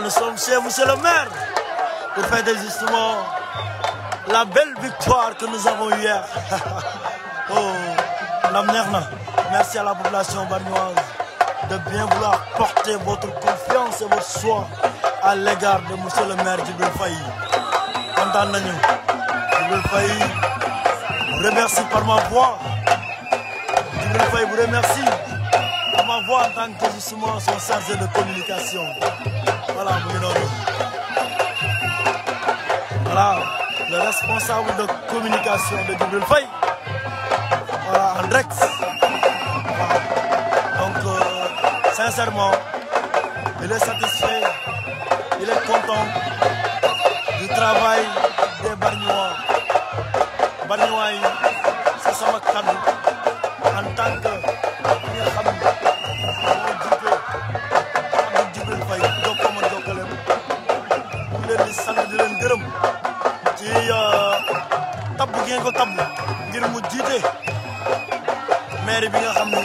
nous sommes chez M. le maire pour des justement la belle victoire que nous avons hier. oh, merci à la population bagnoise de bien vouloir porter votre confiance et votre soin à l'égard de M. le maire du Belfaï. Kontaan vous remercie par ma voix Djibril vous remercie par ma voix en tant que justement son chargé de communication voilà le responsable de communication de Double Feuille, voilà donc euh, sincèrement il est satisfait il est content du travail des Barnois. ko tab ngir mu jiite maire bi nga xam ne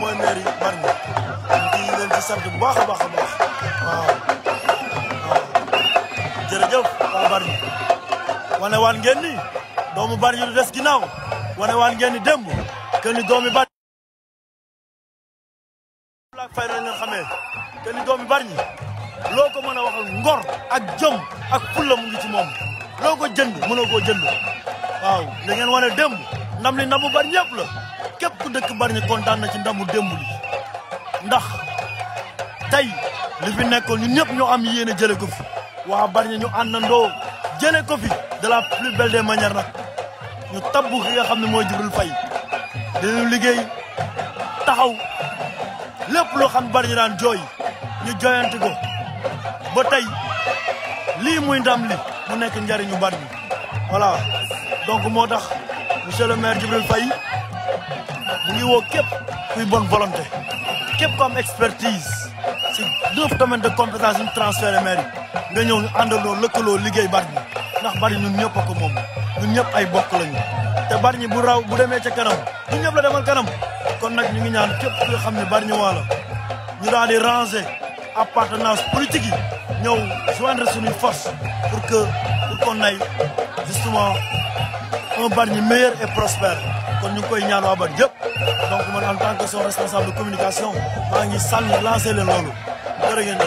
mooy maire yi Bargny di leen ci sant bu baax a baax a baax waaw waaw waa Bargny wane waan ngeen ni doomu Bargny du des ginnaaw wane waan ngeen ni démb que doomi Bargny ndam li ndamu bari ñëpp la képp ku dëkk bari ñu kontaan na ci ndamu démb li ndax tey li fi nekkoon ñun ñëpp ñoo am yéene jële ko fi waa bari ñu àndandoo jële ko fi de la plus belle des manières ñu tabbu ki nga xam ne mooy Djibril Faye dañu liggéey taxaw lépp loo xam bari ñu daan jooy ñu jooyanti ko ba tey lii muy ndam li mu nekk njariñu bari voilà donc moo tax monsieur le maire Djibril Faye nous ngi wo bonne volonté képp expertise C'est deux domaines de compétence transfert de maire nga ñëw ñu lëkkaloo liggéey ndax bari ñun ñëpp ko moom ñun ñëpp ay bokk lañu te ñi bu raw bu demee ca kanam ñun ñëpp la demal kanam kon nag ñu ngi ñaan képp kuy xam ne appartenance politique joindre force pour que pour qu'on aille justement un Bargny meilleur et prospère Quand nous ngi koy ñaan waa donc moi en tant que son responsable de communication maa ngi lancer le lolo. loolu jërë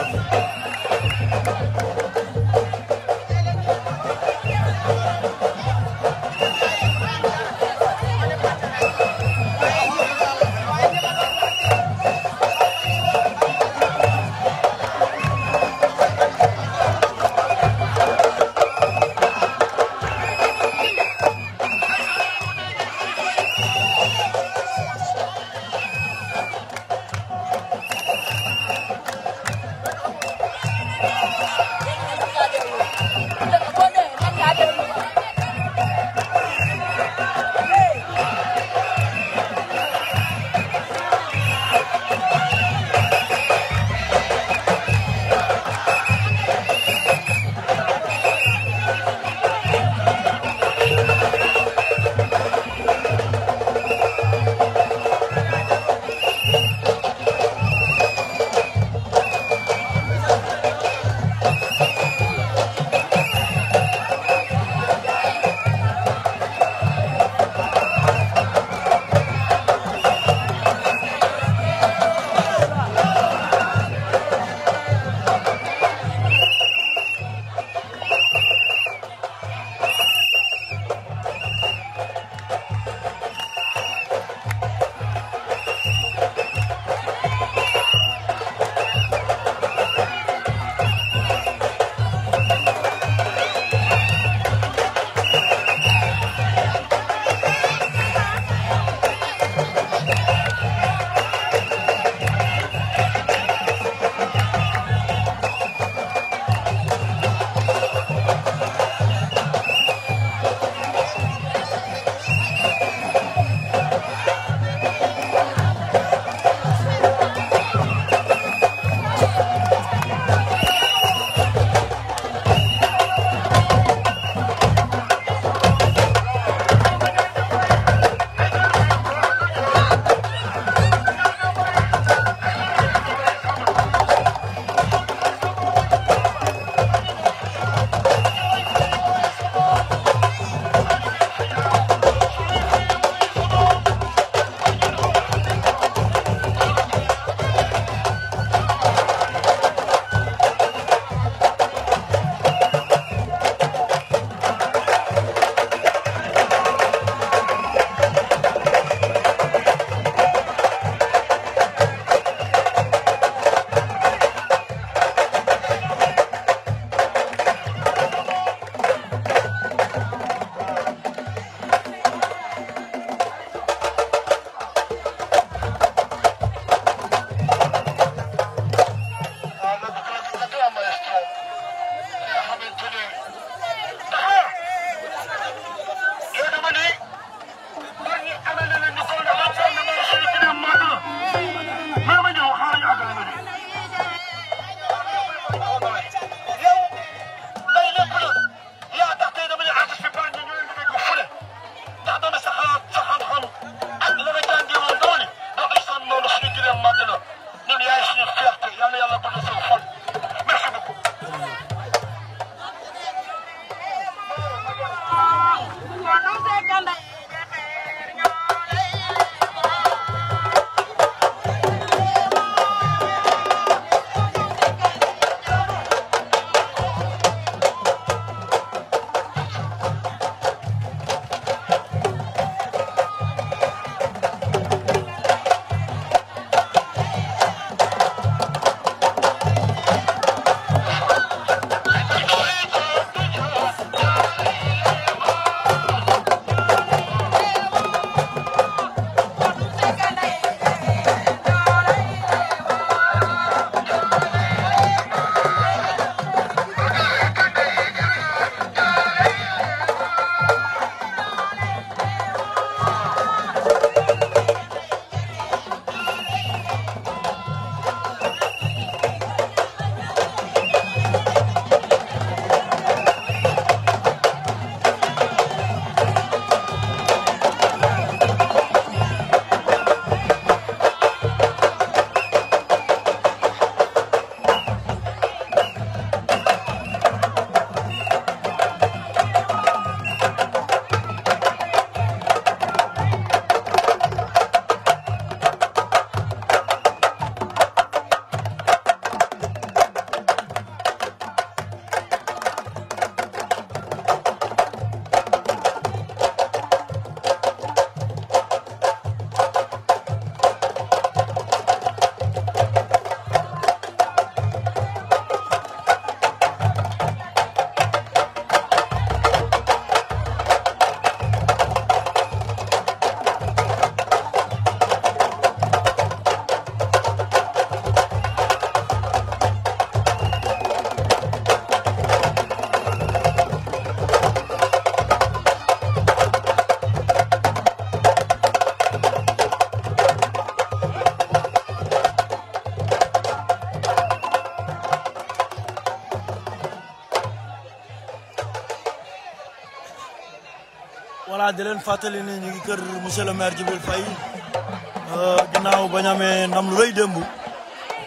dilen fatali ni ñu ngi kër monsieur le maire Djibril Faye eh, ginnaaw ba ñu amee ndam lu rëy démb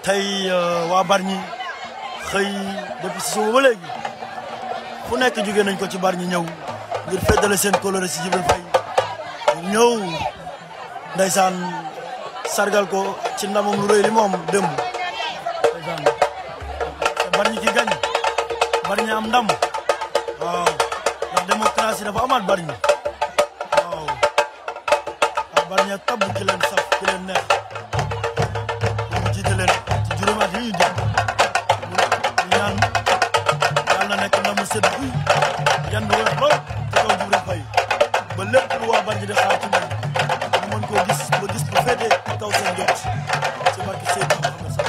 tey eh, waa Bargny xëy depuis ci suba ba fu nekk jógee nañ ko ci Bargny ñew ngir feddale sen coloré ci Djibril fay ñew ndaysan sargal ko ci ndamam lu reuy li mom dembu ndeysaan ci ki gañ Bargny am ndam waaw ndax démocratie dafa amat Bargny bañ a tabb ki leen saf ki leen neex mu jiite leen ci juróom at yi ñu jëm ñu ñaan yàlla na nekk na mu sedd bi yan bi wér lool ci kaw Djibril Faye ba lépp lu waa Bargny di xaar ci moom ñu mën koo gis ba gis bu féetee kaw seen jot ci barke Seydina